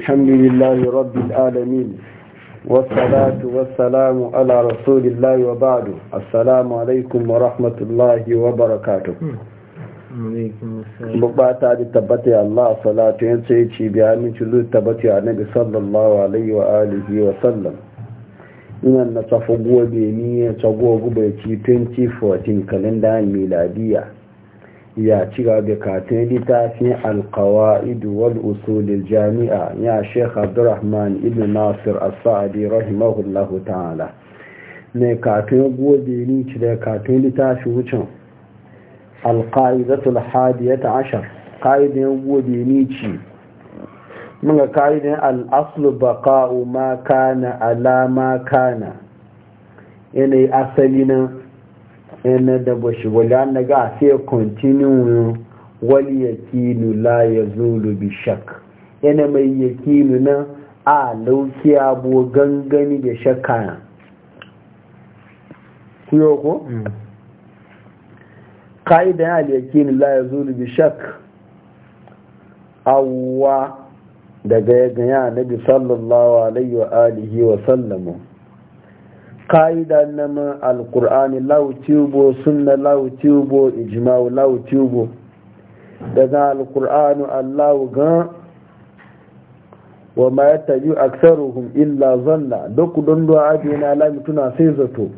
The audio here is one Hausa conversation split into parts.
الحمد لله رب العالمين والصلاة والسلام على رسول الله وبعد السلام عليكم ورحمة الله وبركاته bukata da tabbata ya Allah salatu yan sai ci biya min cilu tabbata ya nabi sallallahu alaihi wa wa sallam ina na tafi gobe ni ya tago gobe ci 2014 kalenda miladiya ya ci gaba katin littafin alkawa'idu wal usulil jami'a ya sheikh abdurrahman ibn nasir as rahimahullahu ta'ala ne katin gobe ni ci da katin littafin wucin alka'idatul hadiyata ashar ka'idan gobe ni ci muka ka'idan al'aslu baka'u ma alamakana yanayi asali na ina da bashi wala na ga sai continue wali yakinu la yazulu bi shak yana mai yakinu na a lauki abu gangani da shakka kuyo ko mm. ka'ida ya yakinu la yazulu bi shak awwa daga ya ganya nabi sallallahu alaihi wa alihi wa sallamu ka'ida na ma alkur'ani lautubo sunna ijimawu ijma'u lautubo daga alkur'anu allahu gan wa ma ya tabi aksaruhum illa zanna duk don duwa abina tuna sai zato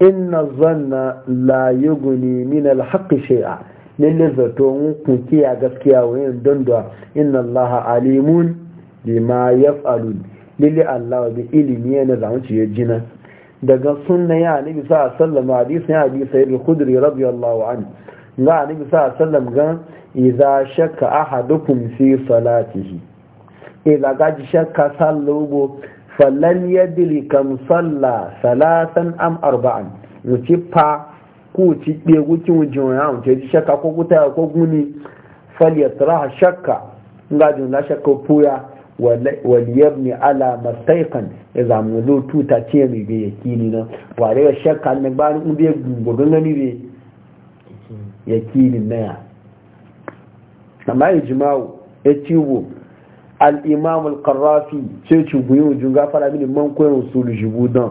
inna zanna la guni min alhaƙi shay'a lille zato mun kunkiya gaskiya yin don duwa inna laha alimun ma ya faru lille allah bi ilimi yana zamuci ya jina daga sunna ya nabi sa sallam hadisi ya bi sayyid al-khudri radiyallahu anhu ga nabi sa sallam ga idza shakka ahadukum fi salatihi idza gaji shakka sallubo falan yadri kam salla salatan am arba'an wuci fa ku ci de wuci wujin ya ci shakka ko guta ko guni falyatraha shakka jin la shakka puya waliyabni ala mastaikan ya zamu zo tuta ce mai bai yakini nan ware ya shakka na bani in bai gugun gani bai yakini na ya amma ijma'u ya ciwo al-imam al ce ci guyu jun gafara mini man koyon usulu jibudan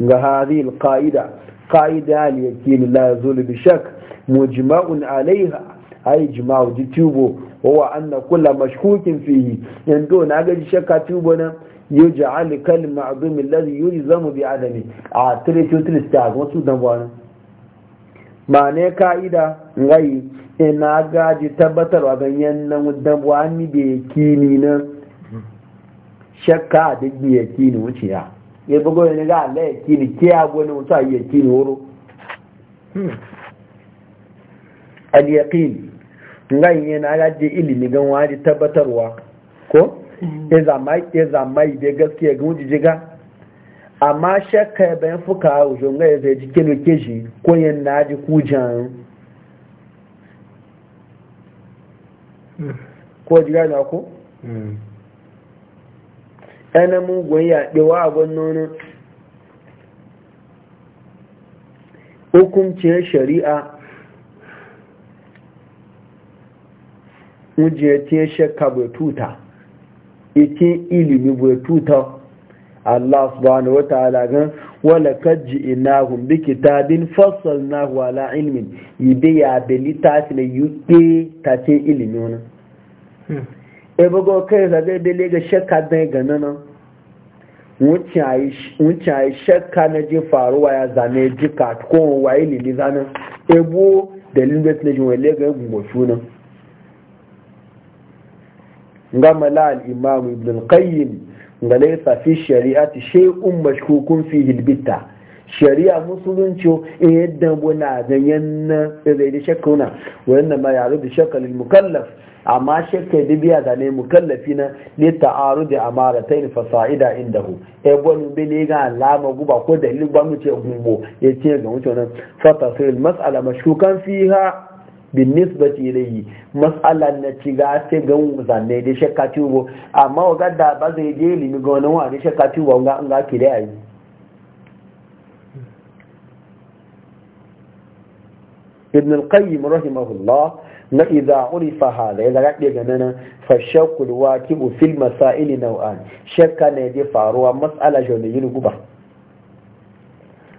ga hadhihi al-qa'ida qa'ida ya al yakini la yazulu bi shakk mujma'un alaiha ay jima'u ji tubo huwa anna kulla mashkukin fihi yanzu na gaji shakka tubo nan yuj'al kal ma'dum alladhi yulzamu bi adami a tire to tire ta wasu dan ba ne ka'ida ngai ina gaji tabbatarwa ganyen nan dan ni da kini nan shakka da biye kini wuce ya ya bugo ne ga Allah ya kini ke ya gona wuta ya kini wuro hmm. al yaqin ngai yana na je ilimi gan wani tabbatarwa ko ya mm. zama ya zama ibe gaskiya ga wuji jiga amma shakka ya bayan fuka wujo ngai zai ji kilo keji ko yan ji kujan mm. ko jiga na ko ɗana mm. mugun ɗewa a nonon hukuncin shari'a wujiyar tiye shakka bai tuta ikin ilimi bai tuta Allah subhanahu wa ta'ala gan wala kajji inahum bi kitabin fassalnahu ala ilmin yibe ya beli tasi ne yuke tace ilimi wani e bugo kai zage bele ga shakka dai ga nan wuce ayi shakka na ji faruwa ya zane jika ko waye lili zanen ebo dalilin da ne tunajin wale ga gungo sunan gama la al ibn al-qayyim da laysa fi shari'ati shay'un mashkukun fi hilbita shari'a musulunci e yadda buna ganyen na zai da shakkauna wannan ma ya da shakkalin mukallaf amma shakka da biya da ne mukallafi na ne ta'aru da amara ta yin fasa'ida inda hu e gwani bi ne ga alama guba ko dalilin mu ya gumbo ya ce ga mutanen fata matsala mas'ala mashkukan fiha bin nisbati ilayhi mas'ala na ci ga ga zanne da shakka tubo amma wa gadda ba zai je limi ga wani wani shakka tubo ga ga ki ibn al-qayyim rahimahullah na idza urifa hada idza gadde ga nan fa wa waqi'u fil masail naw'an shakka ne da faruwa mas'ala yin guba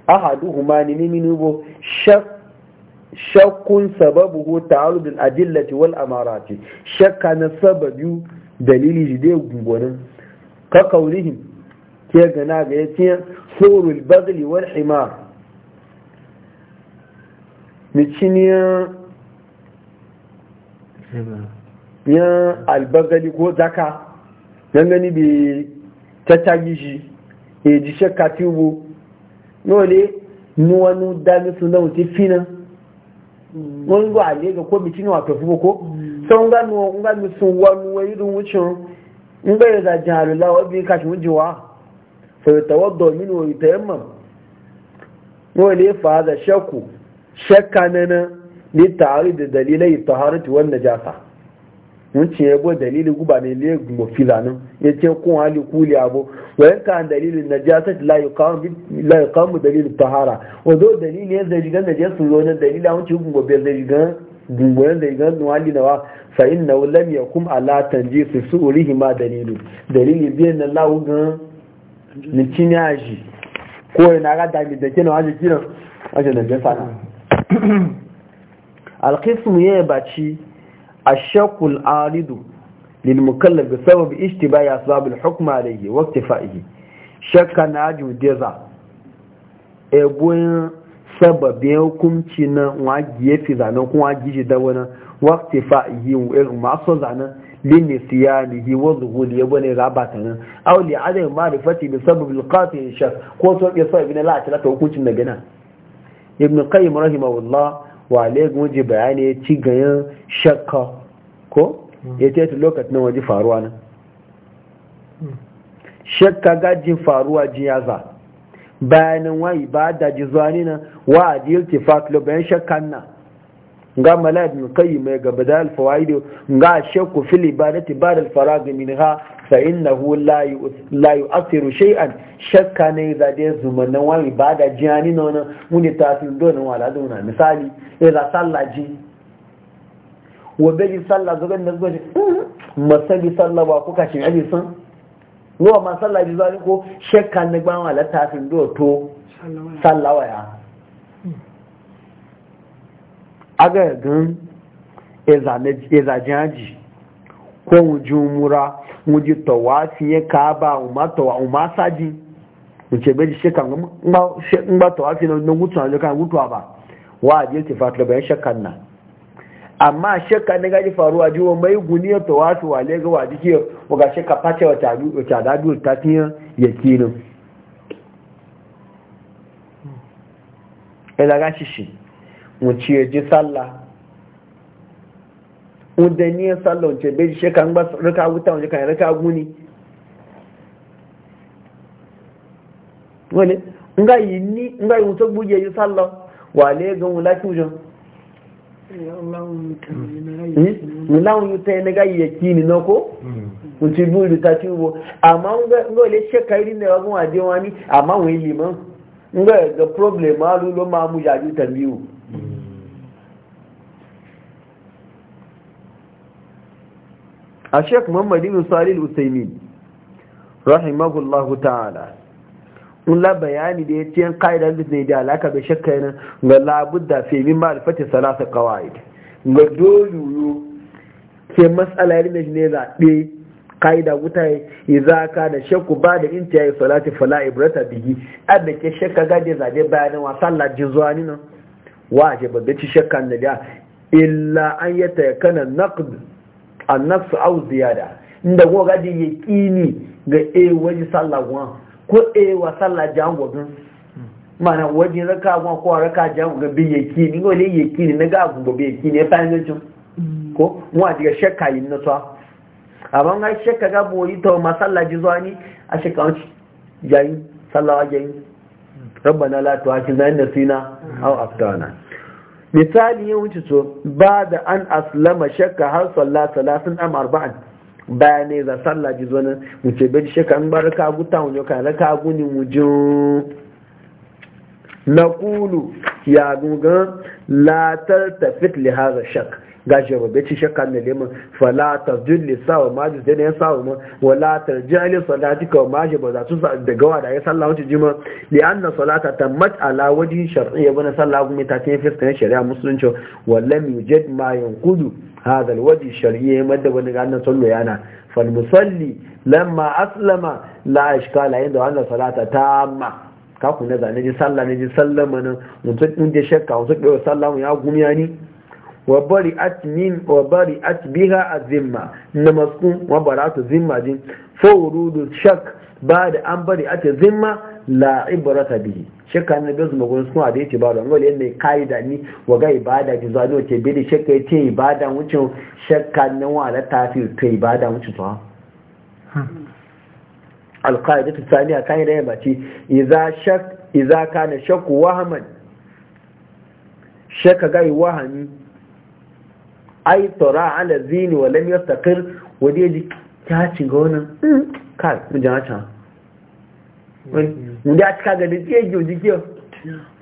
ahaduhuma ni minu bo shakkun sababu ko ta'arudin adillati wal amarati shakka na sababu dalili shi dai gungunin ka kaurihim ke gana ga ya ce surul bagli wal himar miciniyar yan albagali ko zaka nan gani bai tattagi shi ya e ji shakka tubo yau ne nuwanu damisu na wuce finan mun ga ale ga ko mitin wa to ko so nga no nga mi mm. sun wa nu wa yidun wucin in bai da jahalu la wa bi ka shi mujiwa fa yatawadda min wa yatayammam wa le fa da shakku shakka nana li ta'arid dalilai taharati wan najasa wuce ya gwa dalilin guba ne ne mafi zanen ya ce kun hali kuli abu wayan ka dalilin na jasa la yi kamun dalilin tahara wazo dalilin ya zai jigan da jesu zo na dalilin a wuce gungo bai zai jigan gungoyen zai gan sun hali nawa fa in na wulam ya kum ala tanji su su urihi ma dalilin. dalilin biyan na lawu gan nikin ya shi ko yana ga dami da kenan wajen kiran wajen da jasa na alkismu ya yi baci الشك العارض للمكلف بسبب اشتباه أسباب الحكم عليه واكتفائه شك ناجو ديزا ابوين sababin hukunci na wajiye fi zanen kuma wajiye da wani wakti fa'ihi irin masu zanen lini siyanihi wa zuhuli ya rabata nan auli adam ma'rifati bi sabab al-qati shak ko to ya sa na la ta hukuncin daga nan ibn qayyim rahimahullah wale gunji bayani ya ci ganyen shakka ko mm. ya ce lokacin waje faruwa nan shakka gajin faruwa jin yaza bayanin wa ba da ji zuwa ne nan wa a ji iltifat bayan shakkan nan nga mala ibn qayyim ga badal fawaid ga shakku fil ibadati ba al farag minha fa innahu la la yu'athiru shay'an shakka ne da dai zumana wa ibada jani nono mun ta tin don wala dona misali idza sallaji wa bi salla zuban ne zuban masali salla ba ka shin aji san wa ma sallah bi ko shakka ne ba wala ta tin do to sallawa ya aga gan ezajaji ko wuji umura wuji tawafi ya kaba umar saji wuce beji shekan ngba tawafi na gutu na jokan gutuwa ba wa a jirti fatila bayan e shekan na amma shekan na gaji faruwa jiwon mai guniyar tawafi wa lega wa jiki waga sheka face wata dadu ta fiye yakinin ilaga e shi shi wuce ya ji sallah wadda ni ya sallah wuce bai shi kan ba rika wuta wuce kan rika guni wani nga yi ni nga yi wuce buge yi sallah wale ga wula kyujan wulawun yi ta yi na ga yi yaki ni na ko wuce buru ta ci ubo amma nga wale shekari na yawan wajewa ni amma wani liman nga ga problem ma lulo ma mu jaju tambiyu a sheik muhammadu bin salil usaimin rahimahullahu ta'ala in la bayani da ya ce ka'idar da ne da alaka bai shakka yana ga da fi min ma'rifati salasa qawaid ga doyoyo ke mas'ala yana ne zaɓe ka'ida wuta ya za da shakku ba da inta ya salati fala ibrata bihi adda ke shakka gade zaɓe bayanin wa sallah jizuwa ni nan wa a ce babbe ci shakka da illa an yata ya kana naqd annafsu au ziyada inda e ko gaji yaqini ga eh waji sallah gwa ko eh wa sallah jango gan mana waji raka gwa ko raka jango ga bi yaqini ko le yaqini na ga gun go bi yaqini e fa ne ko wa diga shakka yin na to amma ga shakka ga boyi to masallaji zuwa ni a shakka wuce jayi sallah wa jayi rabbana la tu'akhidna in nasina aw akhtana misali ya wuce so ba da an aslama shakka har sallah talatin am arba'an bayanai za sallah ji zonan wuce bai shakka an bar ka guta wani ka na ka guni wujin na kulu ya gugan latar tafit lihaza shakka gashi ba bai ci shakka ne leman fala ta julli sawa maji da ne sawa ma wala ta jali salati ka maji ba za su da gawa da ya sallah wuce jima li anna salata tammat ala waji shar'iyya bana sallah gumi ta cikin fiskan shari'a musulunci mi yujad ma yanqudu hadha alwaji shar'iyya madda wani ga annan sallo yana fal musalli lamma aslama la ishkala inda wannan salata tamma ka ku na zane ji sallah ne ji sallama nan mutum din da shakka mutum da sallah ya gumiya ni wa bari at wa bari at biha azimma na masu wa ta zimma din fawrudu shak ba da an bari at zimma la ibrata bihi shakka na bezu magun sun da ce ba don gole ne kaida ni wa ga ibada ji zuwa ce bi da shakka ce ibada wucin shakka na wala tafsir ta ibada wucin to alqaidatu thaniya da ya bace idza shak idza kana shakku wahaman shakka ga wahani ai tora ala zini wa lam yastaqir wadi yaji ta ci ga wannan hmm, ka mu ja ta mu da ka ga da ke joji ke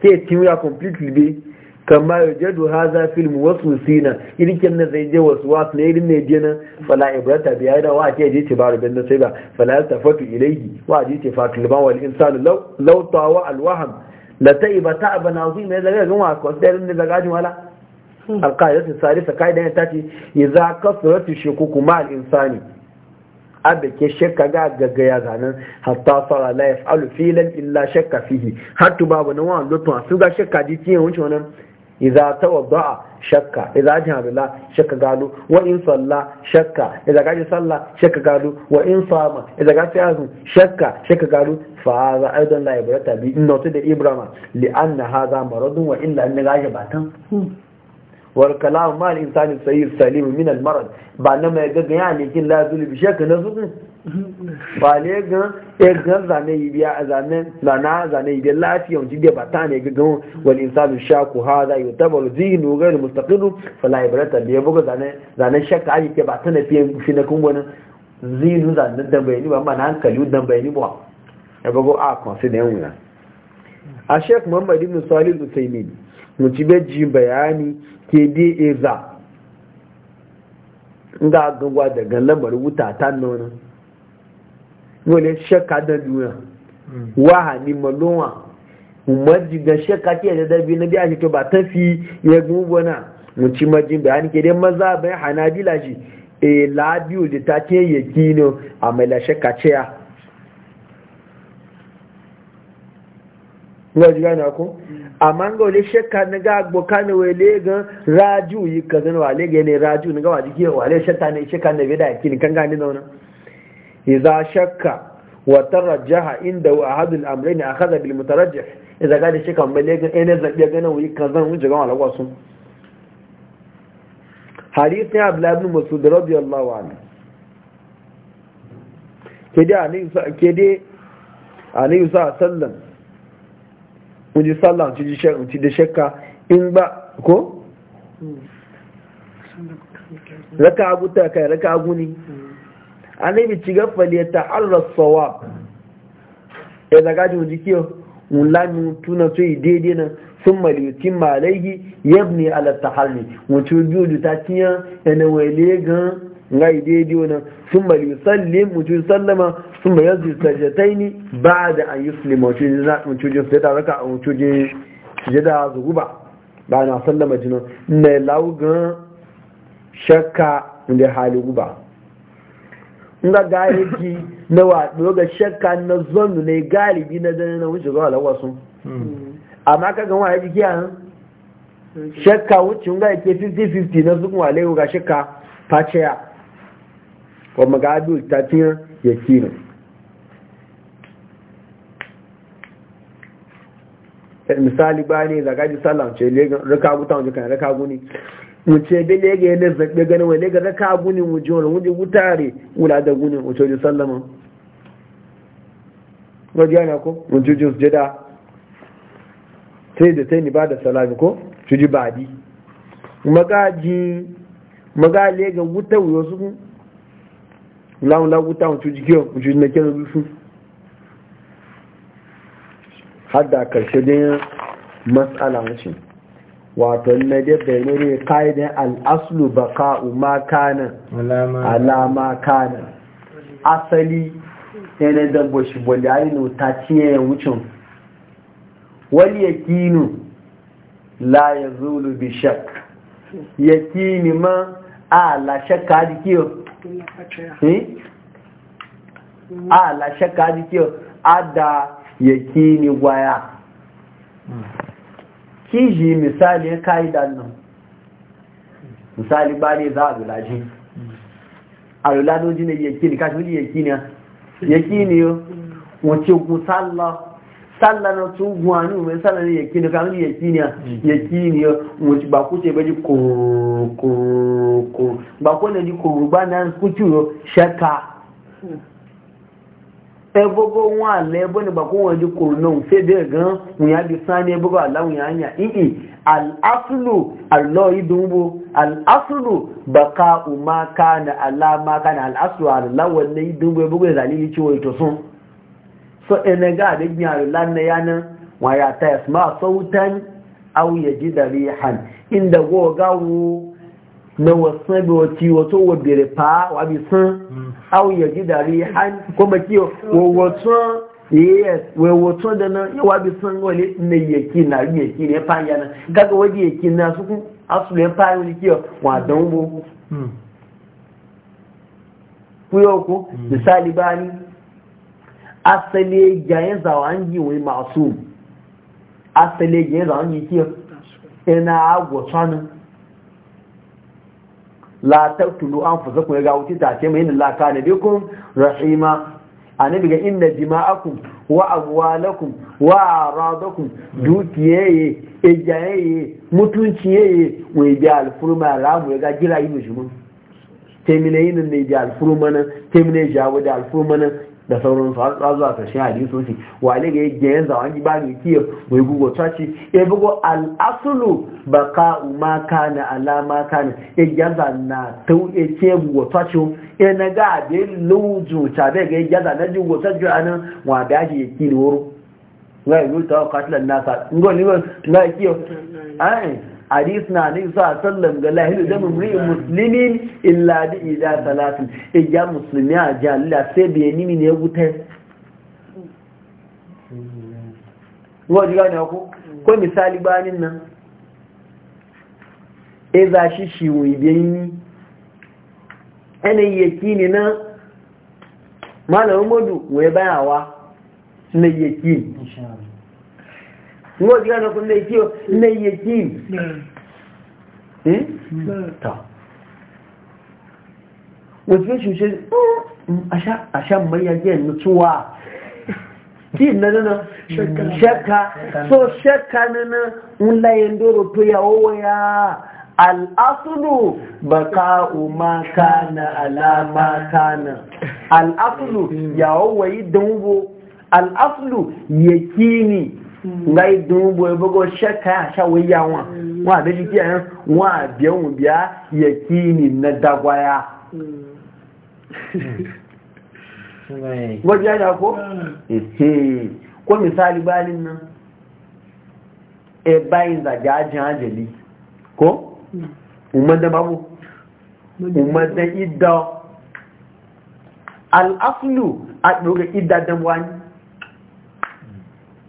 ke timu ya completely be kama ya jadu haza film wasu sina irin kin na zai je wasu wasu ne irin ne je na. fala ibrata bi aida wa ke je ce baro bin na sai ba fala tafatu ilayhi wa je ce fatul wani wal insanu law law tawa al waham la taiba ta'ban azim ne daga gan wa ko da irin daga ajin wala Hmm. alƙa'idatun sarisa ka'idan ta ce ya za ka ratu sheku kuma al'insani abin ke shakka ga gaga ya zanen hatta fara la ya fa'alu illa shakka fihi har babu na wani a su ga shakka ji tiye wuce wani idza tawadda'a shakka idza jahala shakka galu wa in salla shakka idza gaji salla shakka galu wa in sama idza gaji azum shakka shakka galu fa hadha aidan la ibrata bi inna da ibrama li anna hadha maradun wa illa an gaji batan hmm. wal kalam mal insani sayyid salim min al marad ba na mai ga ya ne kin la zulu bi shakka na zuku ba ne ga e ga zane yi biya a zane la na zane yi biya lafiya wani da ba ta ne ga ga wal insani shaku hada yutabaru zihnu ghayr mustaqil fa la ibrata bi ga zane zane shakka ai ke ba ta ne fi shi na kun wani zihnu zane dan bayani ba ma na hankali dan bayani ba e ba go a kon se ne wuna a shek muhammad ibn salih al-usaymin mutu bayani ke di eza nga gangwa daga lamar wuta ta nuna wale shakka da duniya hmm. waha ni malonwa umarji ga shakka ke da dabi na biya shi to ba ta fi ya gugu na mutu majin bayani ke dai maza bayan hanabila shi e labiyu da ta ke yaki ne a mai la shakka ce ya lọ́jú yá a ọkún ń olè ṣẹ́ka nígá ka ní wẹ̀lé gan rájú yìí sínú wà lẹ́gẹ̀ ní ráájú nígá wà jíkí wà lẹ́ ta ní ka ní ẹ̀bẹ̀dà ìkí ní nínú ọ̀nà ìzá ka wàtàrà jáha inda wà ahadul amrẹ́ ni àkàzà bil mutarajjih ìzá gáde ṣẹ́ka mẹ́lẹ́ gan ẹni zaɓe gan wọ́n yìí wọ́n jẹ́gan wà lọ́wọ́ sun. hadith ni abdullahi ibn alayhi sallam wuji sallah ci da shakka in ba ko? raka abu ta kai raka abu ne annabi ci gafali ya ta'arrar sawa ya zaga ji wuji kiyo mulami tuna su yi daidai na, sun mali maliyutin malaihi yabni ala tahalli wuce juju ta kiyan yana wale gan ngai daidai wani sun bali yusallim mutu sallama sun bali yanzu sajjatai ne ba da an yi sulima mutu jin sai da raka a mutu jada jida zuhu ba ba na sallama jinin na laugan shakka da hali guba nga galibi na waɗo ga shakka na zonu ne galibi na dana na wuce zuwa lawasu amma ka gan ya jiki an mm. shakka wuce nga ya ke 50-50 na zukun walewa ga shakka ya wa magadu ta tiya ya kina eh, misali ba ne zaga ji sallah ce legan raka guta wajen kan raka guni wuce bi lega ya zaɓe ganin wa lega raka guni wuce wani wuce wutare wula da guni wuce wajen sallama wajen yana ko wuce jus jida sai da sai ni ba da salami ko cuji badi magaji maga lega wuta wuyo su láhùn lágútà òtú jíkẹ́ òtú na kẹ́rin rúfú hada karshe dai matsala wuce wato na dai bayanai ka'idan al'aslu baka umma kana alama asali yanayi dambo shi boli ainihin ta ciye wucin wani ya bi shak yakini ma a a hmm? ah, la shakka ji kiyo ada yake ni waya hmm. kiji misali ya kayi nan misali ba ne za a lulaji hmm. a lulaji ne yake ni kashi wuli yake ne yake ne wace gusalla sallah na su guwani mai sallah ne yaki ne kamar yaki ne yaki ya wace mm. ba ku ce ba ji kurukuru ji na ku ci shaka mm. ebogo wọn alẹ ebo ni bako wọn di kuru na fe gan wunya sani ebogo ala ii al'afulu alọ idunbo al'afulu baka umaka na alamaka na ebogo so ene ga da biya lanne yana wa ya ta yasma sautan aw yajida rihan inda go gawo na wasan bi wati wato wa bere pa wa bi san aw yajida rihan kuma kiyo wo wasan yes we wato da na ya wa bi san wale ne yaki na yake ne pa yana kaga waje yake na su ku asule pa wani kiyo wa danwo kuyo ko misali bani asali yayin yi wai masu asali yayin yi kiyar ina agwasanin la fusa anfusakum ya gawuti ta ce mai ne kana kun rahima annabi ga inna dima'akum wa amwalakum wa aradakum dukiyeye ejayeye mutunciyeye wai bi alfurma ramu ya ga jira yi mushimin temine yin ne bi alfurma nan temine jawo da alfurma nan da sauran su har a karshe hadisu shi wa ne ga yadda yanzu an yi bani kiyo mai gugu ta ce ya bugo al aslu baqa ma kana ala ma kana ya gaza na tauye gugu ta ce ya na ga be luju ta be ga gaza na ta tace anan wa da shi kilo woro ngai lu ta katlan nasa ngon ni ngai kiyo ai hadis na ne sa sallam ga lahiru da mumri muslimin illa bi ila salatin ya musulmi a jalila sai bai nimi ne wutar ruwa ji gane ku ko misali banin nan e za shi shi wuyi biyayi yanayi ya kini na malamin madu wai bayawa na yaki ne wọ́n na eh? rán oh, mm, na lẹ́yìn o lẹ́yìn jíìm tọ́ wọ́n ti fẹ́ ṣe àṣà mayagẹ́ nùtúwà nana nánà ṣẹ́ka so ṣẹ́ka nánà ń láyẹn tó yà owó ya al'asulu baka umaka na alama kana al'asulu mm. ya owó yi dánwó al'asulu yẹ kí ni nga idun bo ebogo shaka asha we ya wa wa be ji kiyan wa biya un biya yakini na dagwaya wajen da ko? ehe ko misali balin nan e bayin zage ajin ajali ko? Hmm. umar da babu umar da idda al'aflu a ɗoga idda dan wani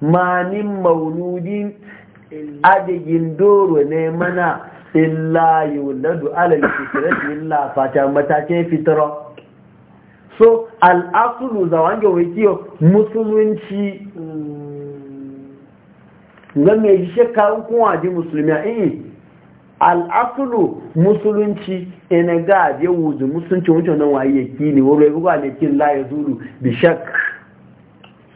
manin mauludin adigin doro ne mana illa yuladu alal fitrati illa fata matakin fitra so al'asulu za wange wakiyo musulunci zan mm. mai shi shekarun kuma ji musulmi a iya eh, al'asulu musulunci ina ga je wuzu musulunci wancan nan waye kini ne wurin ruwa ne kin la zuru bi shakka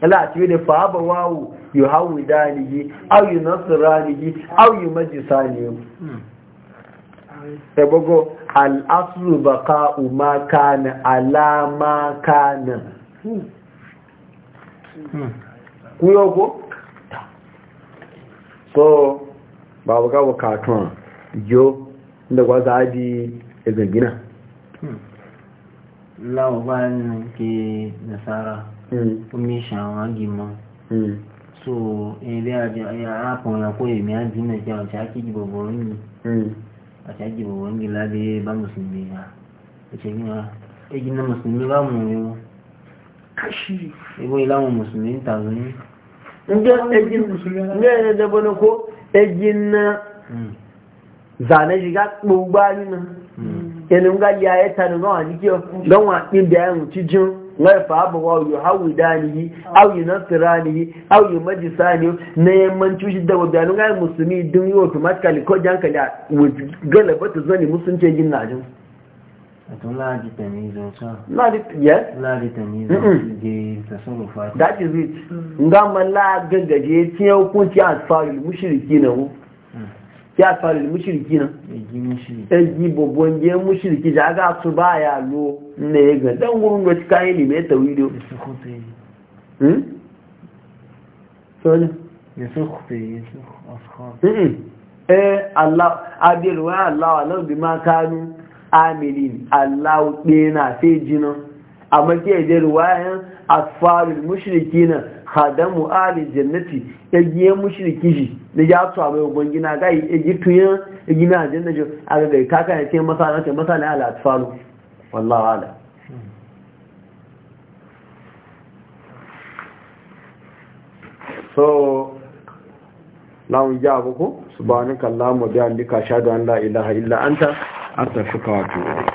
la a cikin fa ba wawu yu hawi dalihi aw yu nasranihi aw yu majisanihi e hmm. bogo al aslu baqa'u ma kana ala ma kana hmm. hmm. kuyo ko so babu ga wakatun yo da gwaza di ezagina lawa bayan ke nasara Hmm. omi shawon gima hmm. so in dai a kan ya koyi mai an jina ce a shaki gibaborin yi a shaki gibaborin yi labe ba musulmi ya ce gina egin na musulmi ba mu ne kashi ego ilamu musulmi ta zuni ndị egin musulmi ne da bane ko egin na zane shiga gbogbo anyị na yanin gali ya yi tanu gawa jikiyar don wa ɗin da ya wai fa abu wa yu hawi danihi aw yu nasranihi aw yu majisani na yamman cuci da wadanu ga musulmi dun yi automatically ko jankali a galaba ta zani musulunci yin najin Ladi tamizo, sir. Ladi, yes? Ladi tamizo, the fa That is it. ngama la gaggaje tiyan hukunci a tsari mushriki na hu ya faru mushiriki nan ɗangi babban biyan mushiriki da aga su ba ya lo na ya ga ɗan wurin da cika yi hmm? ne mai tauri da eh Allah abirwa Allah wa lau bi ma kanu amilin Allah ɗaya na sai jinan amma ke da ruwayan asfarul mushriki na khadamu ali jannati yagiye mushriki shi da ya tsawa mai ubangina ga yi tuyan gina janna jo a ga gai kaka ya ce masa na ce masa na ala asfaru wallawa da so lawun ja buku subhanakallahumma bihamdika ashhadu an la ilaha illa anta astaghfiruka wa atubu